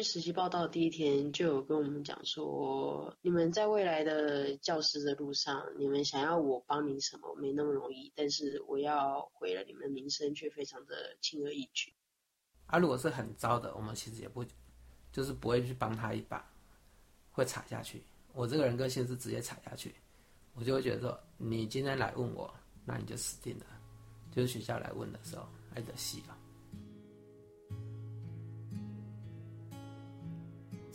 去實習報道第一天就有跟我們講說，你們在未來的教師的路上，你們想要我幫你什麼沒那麼容易，但是我要毀了你們的名聲卻非常的輕而易舉。啊，如果是很糟的，我們其實也不，就是不會去幫他一把，會踩下去。我這個人個性是直接踩下去，我就會覺得說，你今天來問我，那你就死定了。就是學校來問的時候，還得洗吧。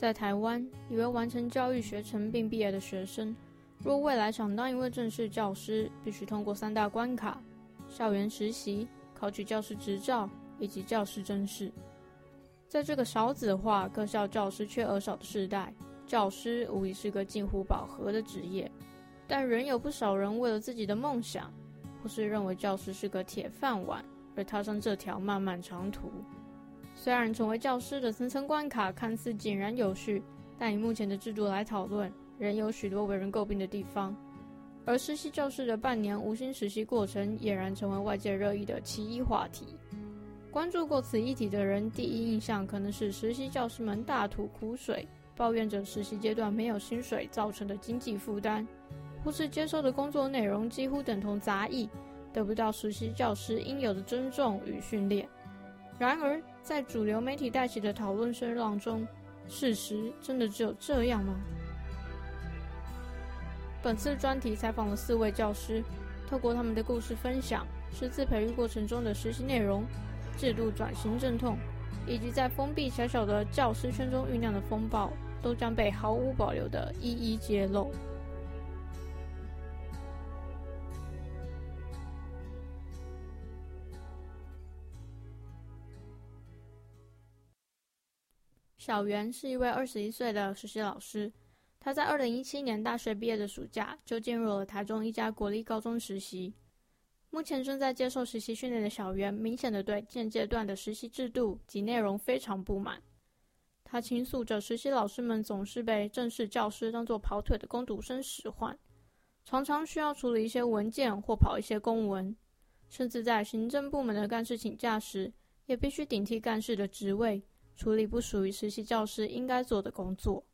在台灣，一位完成教育學程並畢業的學生，若未來想當一位正式教師，必須通過三大關卡：校園實習、考取教師執照以及教師甄試。在這個少子化、各校教師缺額少的世代，教師無疑是個近乎飽和的職業，但仍有不少人為了自己的夢想，或是認為教師是個鐵飯碗，而踏上這條漫漫長途。雖然成為教師的層層關卡看似井然有序，但以目前的制度來討論，仍有許多為人詬病的地方。而實習教師的半年無薪實習過程，儼然成為外界熱議的其一話題。關注過此議題的人，第一印象可能是實習教師們大吐苦水，抱怨着實習階段沒有薪水造成的經濟負擔，或是接收的工作內容幾乎等同雜役，得不到實習教師應有的尊重與訓練。然而，在主流媒體帶起的討論聲浪中，事實真的只有這樣嗎？本次專題採訪了四位教師，透過他們的故事分享，師資培育過程中的實習內容、制度轉型陣痛，以及在封閉小小的教師圈中醞釀的風暴，都將被毫無保留的一一揭露。小袁是一位二十一歲的實習老師，他在二零一七年大學畢業的暑假就進入了台中一家國立高中實習。目前正在接受實習訓練的小袁，明顯的對現階段的實習制度及內容非常不滿。他傾訴着，實習老師們總是被正式教師當作跑腿的工讀生使喚，常常需要處理一些文件或跑一些公文，甚至在行政部門的幹事請假時，也必須頂替幹事的職位。處理不屬於實習教師應該做的工作，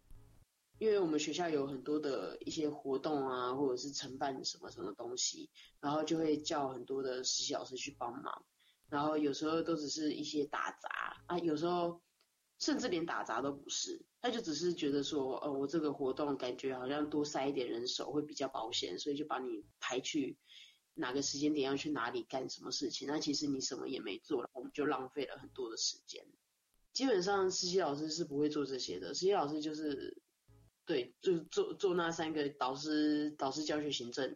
因為我們學校有很多的一些活動啊，或者是承辦什麼什麼東西，然後就會叫很多的實習老師去幫忙。然後有時候都只是一些打雜啊，有時候甚至連打雜都不是，他就只是覺得說，呃，我這個活動感覺好像多塞一點人手會比較保險，所以就把你排去哪個時間點要去哪裡幹什麼事情。那其實你什麼也沒做，我們就浪費了很多的時間。基本上實習老師是不會做這些的，實習老師就是，對，就做做那三個導師、導師教學、行政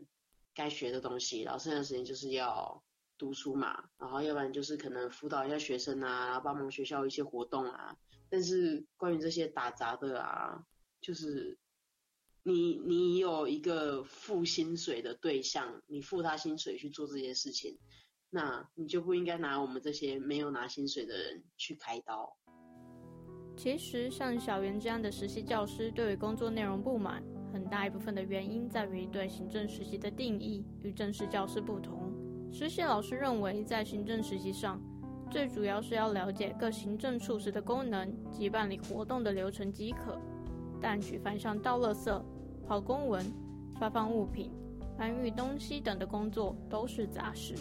該學的東西，然後剩下的時間就是要讀書嘛，然後要不然就是可能輔導一下學生啊，然後幫忙學校一些活動啊。但是關於這些打雜的啊，就是你你有一個付薪水的對象，你付他薪水去做這些事情，那你就不應該拿我們這些沒有拿薪水的人去開刀。其實，像小袁這樣的實習教師對於工作內容不滿，很大一部分的原因在於對行政實習的定義與正式教師不同。實習老師認為，在行政實習上，最主要是要了解各行政處室的功能及辦理活動的流程即可。但舉凡像倒垃圾、跑公文、發放物品、搬運東西等的工作都是雜事。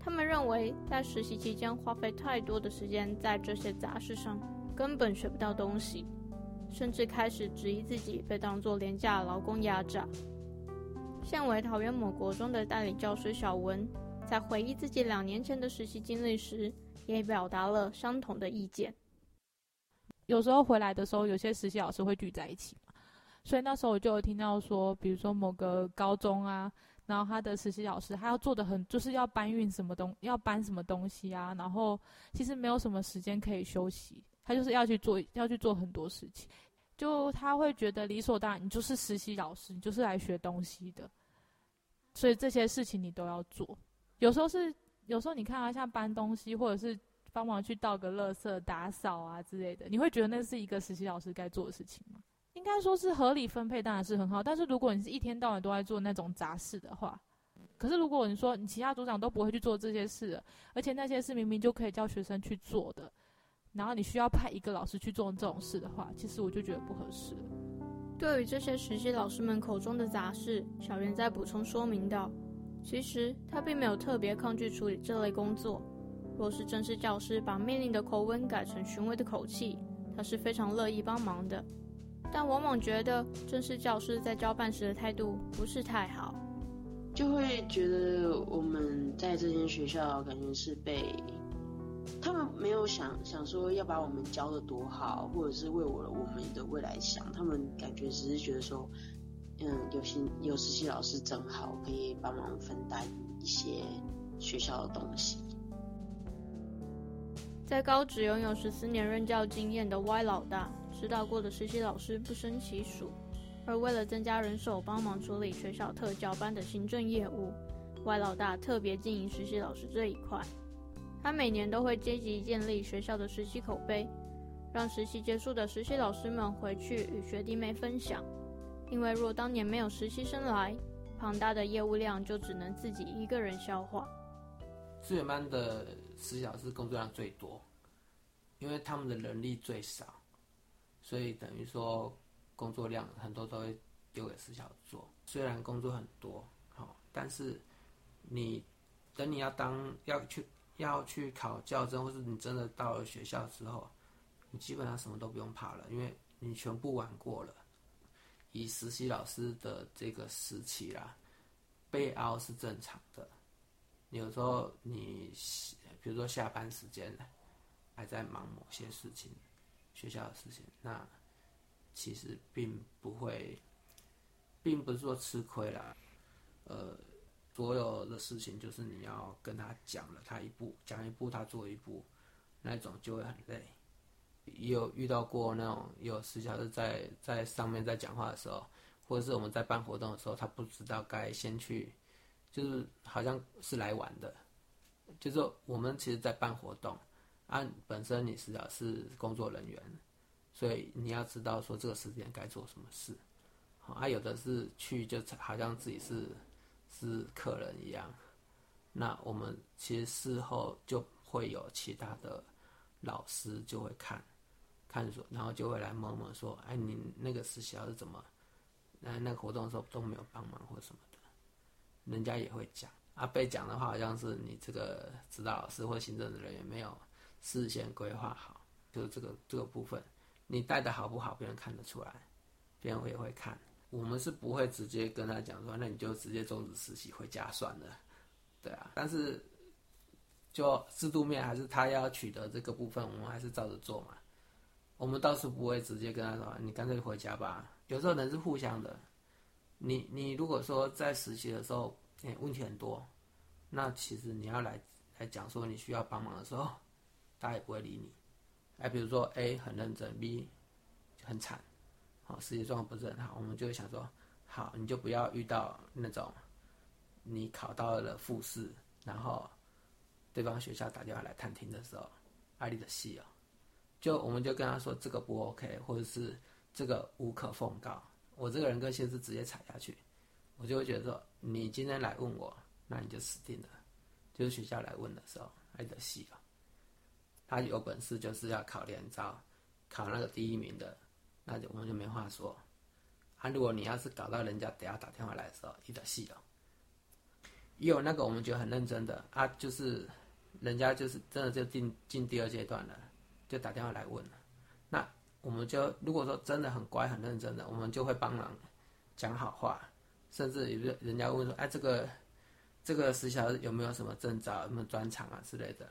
他們認為，在實習期間花費太多的時間在這些雜事上。根本學不到東西，甚至開始質疑自己被當作廉價勞工壓榨。現為桃園某國中的代理教師小文，在回憶自己兩年前的實習經歷時，也表達了相同的意見。有時候回來的時候，有些實習老師會聚在一起嘛，所以那時候我就有聽到說，比如說某個高中啊，然後他的實習老師他要做的很，就是要搬運什麼東，要搬什麼東西啊，然後其實沒有什麼時間可以休息。他就是要去做，要去做很多事情，就他會覺得理所當然。你就是實習老師，你就是來學東西的，所以這些事情你都要做。有時候是，有時候你看啊，像搬東西，或者是幫忙去倒個垃圾、打掃啊之類的，你會覺得那是一個實習老師該做的事情嗎？應該說是合理分配，當然是很好。但是如果你是一天到晚都在做那種雜事的話，可是如果你說你其他組長都不會去做這些事，而且那些事明明就可以叫學生去做的。然後你需要派一個老師去做這種事的話，其實我就覺得不合適。對於這些實習老師們口中的雜事，小袁在補充說明道：“其實他並沒有特別抗拒處理這類工作。若是正式教師把命令的口吻改成詢問的口氣，他是非常樂意幫忙的。但往往覺得正式教師在交辦時的態度不是太好，就會覺得我們在這間學校感覺是被……”他們沒有想想說要把我們教得多好，或者是為我我們的未來想，他們感覺只是覺得說，嗯，有新有實習老師正好可以幫忙分擔一些學校的東西。在高職擁有十四年任教經驗的 Y 老大，指導過的實習老師不勝其數，而為了增加人手，幫忙處理學校特教班的行政業務，嗯，Y 老大特別經營實習老師這一塊。他每年都會積極建立學校的實習口碑，讓實習結束的實習老師們回去與學弟妹分享。因為若當年沒有實習生來，龐大的業務量就只能自己一個人消化。資源班的實習老師工作量最多，因為他們的人力最少，所以等於說工作量很多都會丟給實習做。雖然工作很多，但是你等你要當要去。要去考教甄，或是你真的到了學校之後，你基本上什麼都不用怕了，因為你全部玩過了。以實習老師的這個時期啦，被凹是正常的。有時候你比如說下班時間還在忙某些事情，學校的事情，那其實並不會，並不是說吃虧啦，呃。所有的事情就是你要跟他講了，他一步講一步，他做一步，那種就會很累。有遇到過那種有實習生在在上面在講話的時候，或者是我們在辦活動的時候，他不知道該先去，就是好像是來玩的，就是我們其實在辦活動，按、啊、本身你是啊是工作人員，所以你要知道說這個時間該做什麼事。啊，有的是去，就好像自己是，是客人一樣，那我們其實事後就會有其他的老師就會看，看說，然後就會來問問說，哎，你那個實習老師怎麼，哎、那那個活動的時候都沒有幫忙或什麼的，人家也會講，啊，被講的話好像是你這個指導老師或行政的人員沒有事先規劃好，就是這個這個部分，你帶的好不好，別人看得出來，別人會也會看。我們是不會直接跟他講說，那你就直接終止實習回家算了，對啊。但是就制度面還是他要取得這個部分，我們還是照着做嘛。我們倒是不會直接跟他說，你乾脆回家吧。有時候人是互相的，你你如果說在實習的時候，誒，問題很多，那其實你要來來講說你需要幫忙的時候，大家也不會理你。哎，比如說 A 很認真，B 很慘。哦，實際狀況不是很好，我們就會想說，好，你就不要遇到那種，你考到了複試，然後對方學校打電話來探聽的時候，愛麗的戲哦，就我們就跟他說這個不 OK，或者是這個無可奉告。我這個人個性是直接踩下去，我就會覺得說，你今天來問我，那你就死定了。就是學校來問的時候，愛麗的戲哦，他、啊、有本事就是要考聯招，考那個第一名的。那就我們就沒話說，啊，如果你要是搞到人家等下打電話來的時候你點戲哦，也有那個我們覺得很認真的，啊，就是人家就是真的就進進第二階段了，就打電話來問了，那我們就如果說真的很乖很認真的，我們就會幫忙講好話，甚至有人家問說，哎、啊，這個這個實習有沒有什麼證照、什麼專長啊之類的，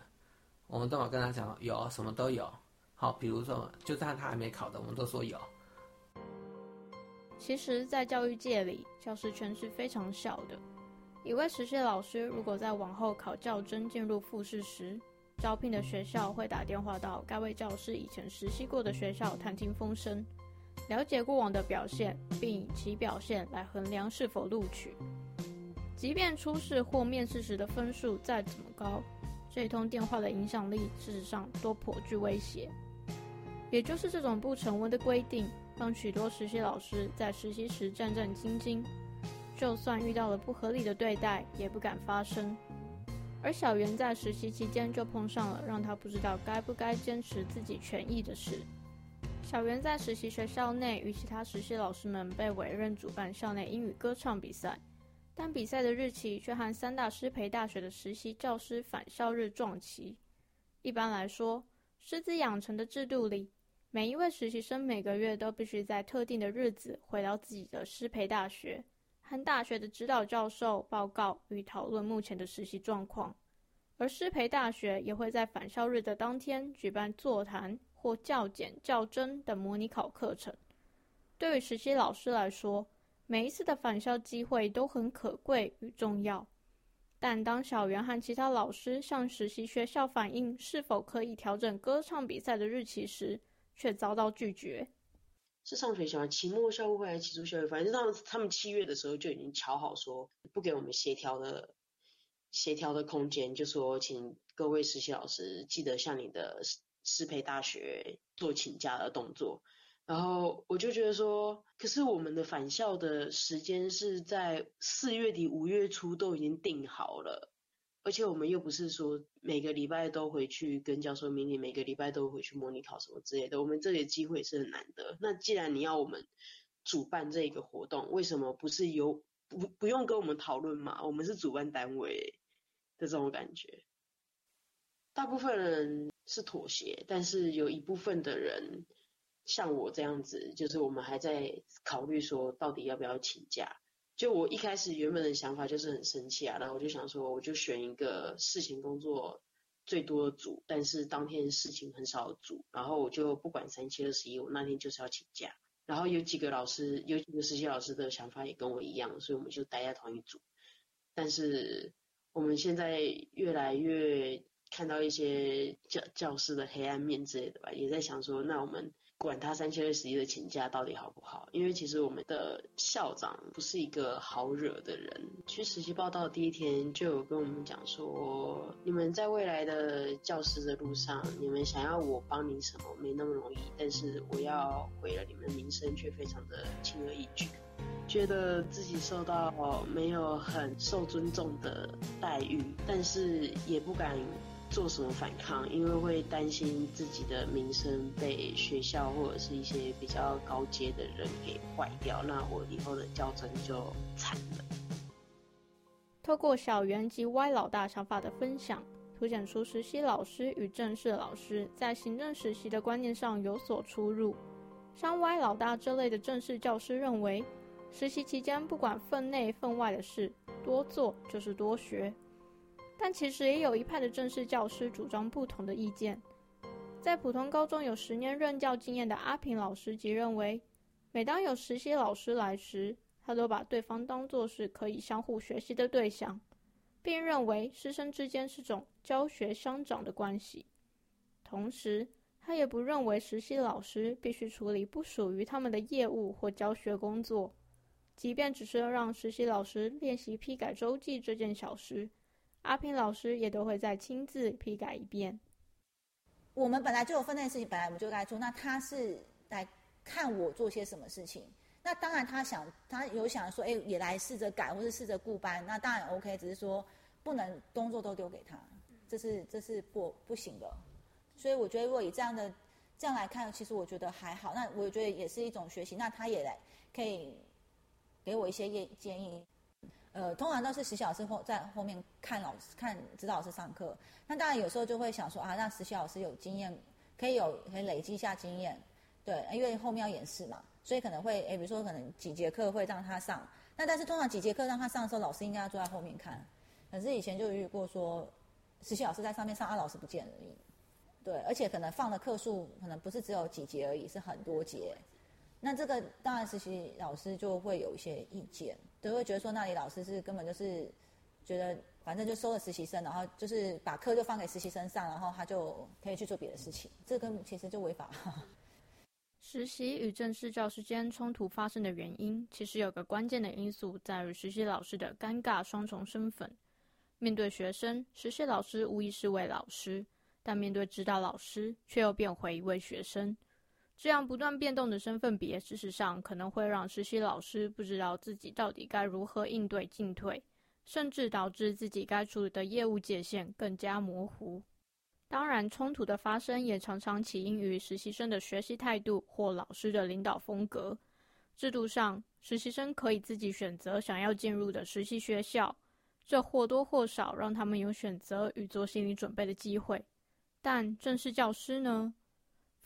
我們都會跟他講，有什麼都有。好，比如說，就算他還沒考的，我們都說有。其實，在教育界裡，教師圈是非常小的。一位實習老師如果在往後考教甄，進入複試時，招聘的學校會打電話到該位教師以前實習過的學校，探聽風聲，了解過往的表現，並以其表現來衡量是否錄取。即便初試或面試時的分數再怎麼高，這通電話的影響力事實上都頗具威脅。也就是這種不成文的規定，讓許多實習老師在實習時戰戰兢兢，就算遇到了不合理的對待，也不敢發聲。而小袁在實習期間就碰上了讓他不知道該不該堅持自己權益的事。小袁在實習學校內與其他實習老師們被委任主辦校內英語歌唱比賽，但比賽的日期卻和三大師培大學的實習教師返校日撞期。一般來說，師資養成的制度裡，每一位實習生每個月都必須在特定的日子回到自己的師培大學，和大學的指導教授報告與討論目前的實習狀況。而師培大學也會在返校日的當天舉辦座談或教檢、教甄等模擬考課程。對於實習老師來說，每一次的返校機會都很可貴與重要。但當小袁和其他老師向實習學校反映是否可以調整歌唱比賽的日期時，卻遭到拒絕，是上學期嗎？期末校務會還是期初校務會？反正他們他們七月的時候就已經敲好說，不給我們協調的協調的空間，就說請各位實習老師記得向你的師培大學做請假的動作。然後我就覺得說，可是我們的返校的時間是在四月底五月初都已經定好了。而且我們又不是說每個禮拜都回去跟教授模擬，每個禮拜都回去模擬考什麼之類的。我們這裡的機會是很難得。那既然你要我們主辦這一個活動，為什麼不是由不不用跟我們討論嘛，我們是主辦單位的這種感覺。大部分人是妥協，但是有一部分的人像我這樣子，就是我們還在考慮說到底要不要請假。就我一開始原本的想法就是很生氣啊，然後我就想說，我就選一個事情工作最多的組，但是當天事情很少的組，然後我就不管三七二十一，我那天就是要請假。然後有幾個老師，有幾個實習老師的想法也跟我一樣，所以我們就待在同一組。但是我們現在越來越看到一些教教師的黑暗面之類的吧，也在想說，那我們。管他三七二十一的請假到底好不好？因為其實我們的校長不是一個好惹的人。去實習報道第一天，就有跟我們講說：你們在未來的教師的路上，你們想要我幫你什麼沒那麼容易，但是我要毀了你們的名聲卻非常的輕而易舉。覺得自己受到沒有很受尊重的待遇，但是也不敢。做什麼反抗？因為會擔心自己的名聲被學校或者是一些比較高階的人給壞掉，那我以後的教職就慘了。透過小圓及歪老大想法的分享，凸顯出實習老師與正式老師在行政實習的觀念上有所出入。像歪老大這類的正式教師認為，實習期間不管分內分外的事，多做就是多學。但其實也有一派的正式教師主張不同的意見。在普通高中有十年任教經驗的阿平老師即認為，每當有實習老師來時，他都把對方當作是可以相互學習的對象，並認為師生之間是種教學相長的關係。同時，他也不認為實習老師必須處理不屬於他們的業務或教學工作，即便只是要讓實習老師練習批改周記這件小事。阿平老師也都會再親自批改一遍。我們本來就有分內事情，本來我們就該做。那他是來看我做些什麼事情？那當然，他想，他有想說，哎、欸，也來試着改，或是試着顧班。那當然 OK，只是說不能工作都丟給他，這是這是不不行的。所以我覺得，如果以這樣的這樣來看，其實我覺得還好。那我覺得也是一種學習。那他也來可以給我一些建建議。呃，通常都是實習老師後在後面看老師看指導老師上課。那當然有時候就會想說啊，讓實習老師有經驗，可以有可以累積一下經驗，對，因為後面要演示嘛，所以可能會哎，比如說可能幾節課會讓他上。那但是通常幾節課讓他上的時候，老師應該要坐在後面看。可是以前就遇過說，實習老師在上面上，啊，老師不見而已。對，而且可能放的課數可能不是只有幾節而已，是很多節。那這個當然實習老師就會有一些意見。都會覺得說，那裡老師是根本就是，覺得反正就收了實習生，然後就是把課就放給實習生上，然後他就可以去做別的事情。這個根本其實就違法了。實習與正式教師間衝突發生的原因，其實有個關鍵的因素在於實習老師的尷尬雙重身份。面對學生，實習老師無疑是位老師；但面對指導老師，卻又變回一位學生。這樣不斷變動的身份別，事實上可能會讓實習老師不知道自己到底該如何應對進退，甚至導致自己該處理的業務界限更加模糊。當然，衝突的發生也常常起因於實習生的學習態度或老師的領導風格。制度上，實習生可以自己選擇想要進入的實習學校，這或多或少讓他們有選擇與做心理準備的機會。但正式教師呢？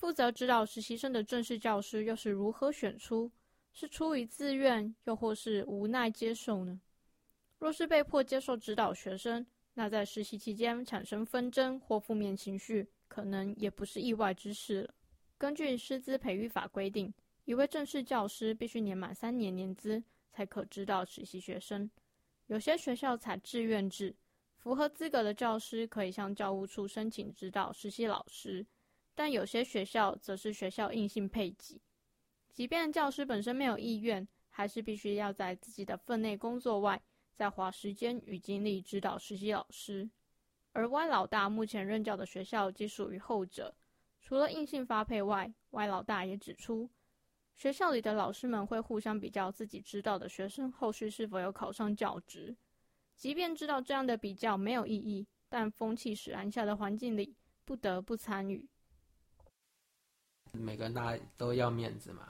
負責指導實習生的正式教師又是如何選出？是出於自願，又或是無奈接受呢？若是被迫接受指導學生，那在實習期間產生紛爭或負面情緒，可能也不是意外之事了。根據師資培育法規定，一位正式教師必須年滿三年年資，才可指導實習學生。有些學校採志願制，符合資格的教師可以向教務處申請指導實習老師。但有些學校則是學校硬性配給，即便教師本身沒有意願，還是必須要在自己的份內工作外，再花時間與精力指導實習老師。而歪老大目前任教的學校即屬於後者。除了硬性發配外，歪老大也指出，學校裡的老師們會互相比較自己知道的學生後續是否有考上教職。即便知道這樣的比較沒有意義，但風氣使然下的環境裡，不得不參與。每個人大家都要面子嘛，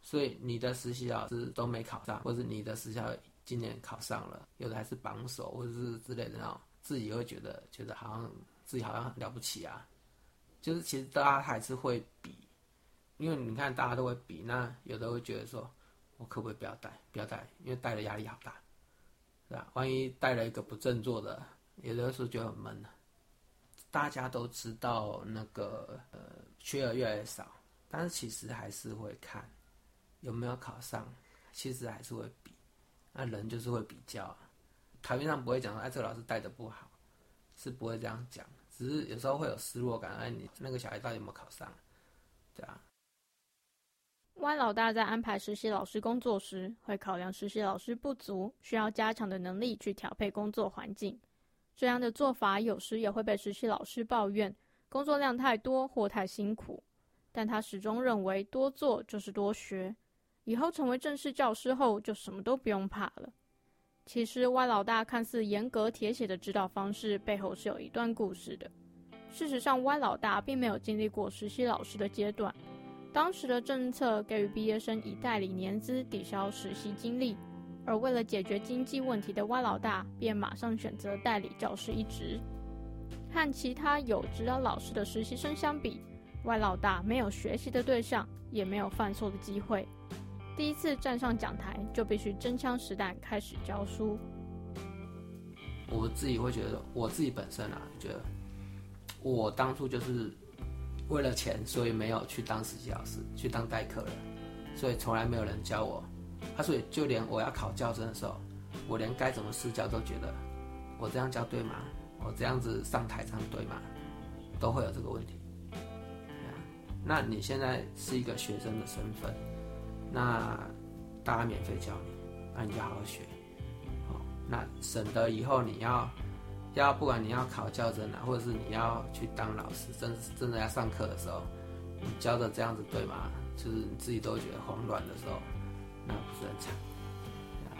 所以你的實習老師都沒考上，或者你的實習老師今年考上了，有的還是榜首，或者是之類的那種，然後自己會覺得覺得好像自己好像很了不起啊。就是其實大家還是會比，因為你看大家都會比，那有的會覺得說，我可不可以不要帶，不要帶，因為帶的壓力好大，是吧？萬一帶了一個不振作的，有的時候就很悶啊。大家都知道那個呃缺額越來越少。但是其實還是會看有沒有考上，其實還是會比，那、啊、人就是會比較，台面上不會講說哎這個老師帶的不好，是不會這樣講，只是有時候會有失落感，哎你那個小孩到底有沒有考上，對，這樣啊。萬老大在安排實習老師工作時，會考量實習老師不足、需要加強的能力，去調配工作環境。這樣的做法有時也會被實習老師抱怨，工作量太多或太辛苦。但他始終認為，多做就是多學。以後成為正式教師後，就什麼都不用怕了。其實，歪老大看似嚴格鐵血的指導方式，背後是有一段故事的。事實上，歪老大並沒有經歷過實習老師的階段。當時的政策給予畢業生以代理年資抵消實習經歷，而為了解決經濟問題的歪老大，便馬上選擇代理教師一職。和其他有指導老師的實習生相比，外老大沒有學習的對象，也沒有犯錯的機會。第一次站上講台，就必須真槍實彈開始教書。我自己會覺得，我自己本身啊，覺得我當初就是為了錢，所以沒有去當實習老師，去當代課了，所以從來沒有人教我啊。所以就連我要考教甄的時候，我連該怎麼試教都覺得，我這樣教對嗎？我這樣子上台這樣對嗎？都會有這個問題。那你現在是一個學生的身份，那大家免費教你，那你就好好學，哦、那省得以後你要要，不管你要考教證啊，或者是你要去當老師，真，真正的要上課的時候，你教的這樣子對嗎？就是你自己都覺得慌亂的時候，那不是很慘？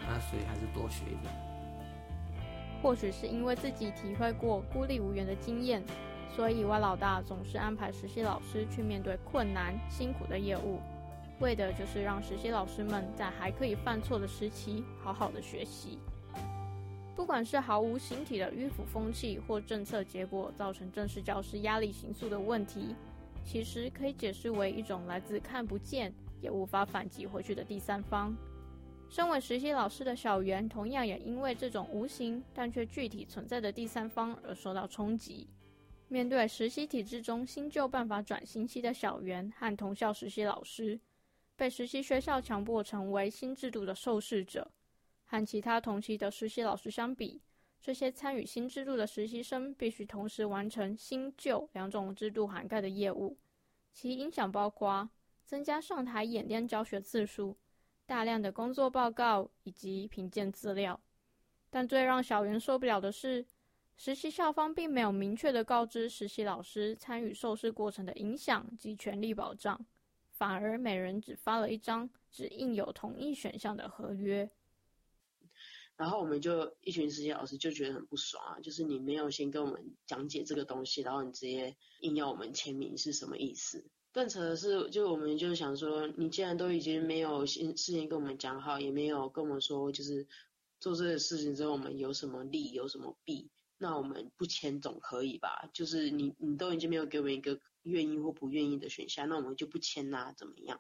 那所以還是多學一點。或許是因為自己體會過孤立無援的經驗。所以，王老大總是安排實習老師去面對困難、辛苦的業務，為的就是讓實習老師們在還可以犯錯的時期好好的學習。不管是毫無形體的迂腐風氣，或政策結果造成正式教師壓力形塑的問題，其實可以解釋為一種來自看不見也無法反擊回去的第三方。身為實習老師的小袁，同樣也因為這種無形但卻具體存在的第三方而受到衝擊。面對實習體制中新舊辦法轉型期的小袁和同校實習老師，被實習學校強迫成為新制度的受試者。和其他同期的實習老師相比，這些參與新制度的實習生必須同時完成新舊兩種制度涵蓋的業務，其影響包括增加上台演練教學次數、大量的工作報告以及評鑑資料。但最讓小袁受不了的是，實習校方並沒有明確地告知實習老師參與受試過程的影響及權利保障，反而每人只發了一張只印有同意選項的合約。然後我們就一群實習老師就覺得很不爽啊，就是你沒有先跟我們講解這個東西，然後你直接硬要我們簽名是什麼意思？更扯的是，就我們就想說，你既然都已經沒有先事先跟我們講好，也沒有跟我們說，就是做這個事情之後我們有什麼利，有什麼弊。那我們不簽總可以吧？就是你你都已經沒有給我們一個願意或不願意的選項，那我們就不簽啦、啊，怎麼樣？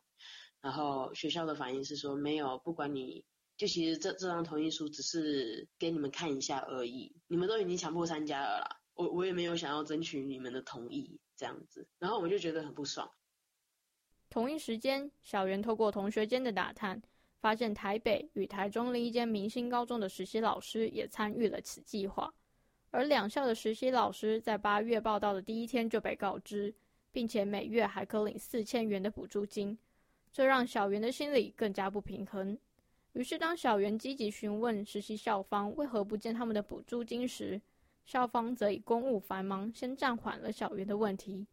然後學校的反應是說沒有，不管你，就其實這這張同意書只是給你們看一下而已，你們都已經強迫參加了啦，我我也沒有想要爭取你們的同意這樣子。然後我就覺得很不爽。同一時間，小袁透過同學間的打探，發現台北與台中另一間明星高中的實習老師也參與了此計劃。而兩校的實習老師在八月報到的第一天就被告知，並且每月還可領四千元的補助金，這讓小袁的心理更加不平衡。於是，當小袁積極詢問實習校方為何不見他們的補助金時，校方則以公務繁忙先暫緩了小袁的問題，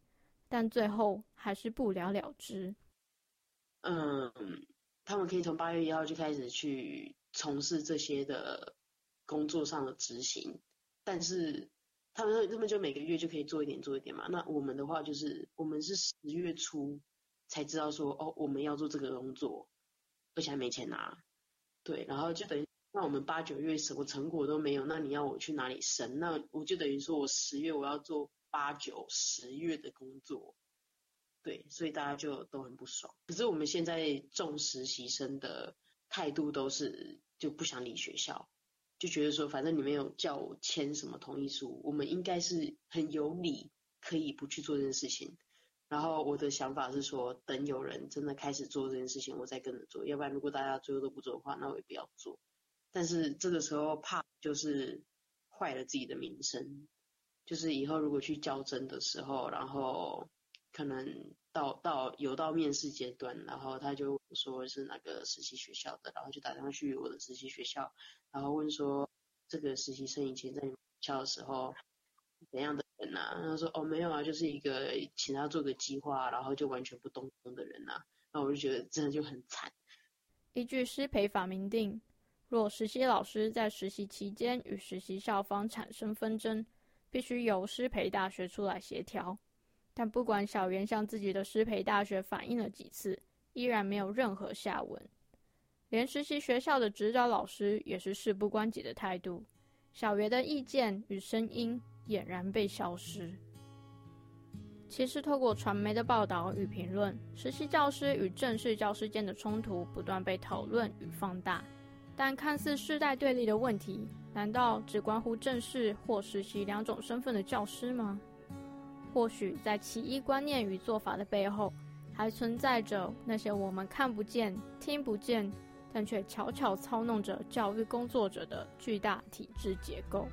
但最後還是不了了之。嗯，他們可以從八月一號就開始去從事這些的工作上的執行。但是他們他們就每個月就可以做一點做一點嘛。那我們的話就是我們是十月初才知道說哦，我們要做這個工作，而且還沒錢拿。對，然後就等於那我們八九月什麼成果都沒有，那你要我去哪裡生？那我就等於說我十月我要做八九十月的工作。對，所以大家就都很不爽。可是我們現在重實習生的態度都是就不想理學校。就覺得說，反正你沒有叫我簽什麼同意書，我們應該是很有理，可以不去做這件事情。然後我的想法是說，等有人真的開始做這件事情，我再跟着做。要不然如果大家最後都不做的話，那我也不要做。但是這個時候怕就是壞了自己的名聲，就是以後如果去教甄的時候，然後可能。到到有到面試階段，然後他就說是哪個實習學校的，然後就打電話去我的實習學校，然後問說這個實習生以前在你們學校的時候怎樣的人吶、啊？他說哦沒有啊，就是一個請他做個計劃，然後就完全不動工的人吶、啊。然後我就覺得真的就很慘。依據師培法明定，若實習老師在實習期間與實習校方產生紛爭，必須由師培大學出來協調。但不管小袁向自己的師培大學反映了幾次，依然沒有任何下文。連實習學校的指導老師也是事不關己的態度，小袁的意見與聲音儼然被消失。其實，透過傳媒的報道與評論，實習教師與正式教師間的衝突不斷被討論與放大。但看似世代對立的問題，難道只關乎正式或實習兩種身份的教師嗎？或許在其一觀念與做法的背後，還存在着那些我們看不見、聽不見，但卻悄悄操弄着教育工作者的巨大體制結構。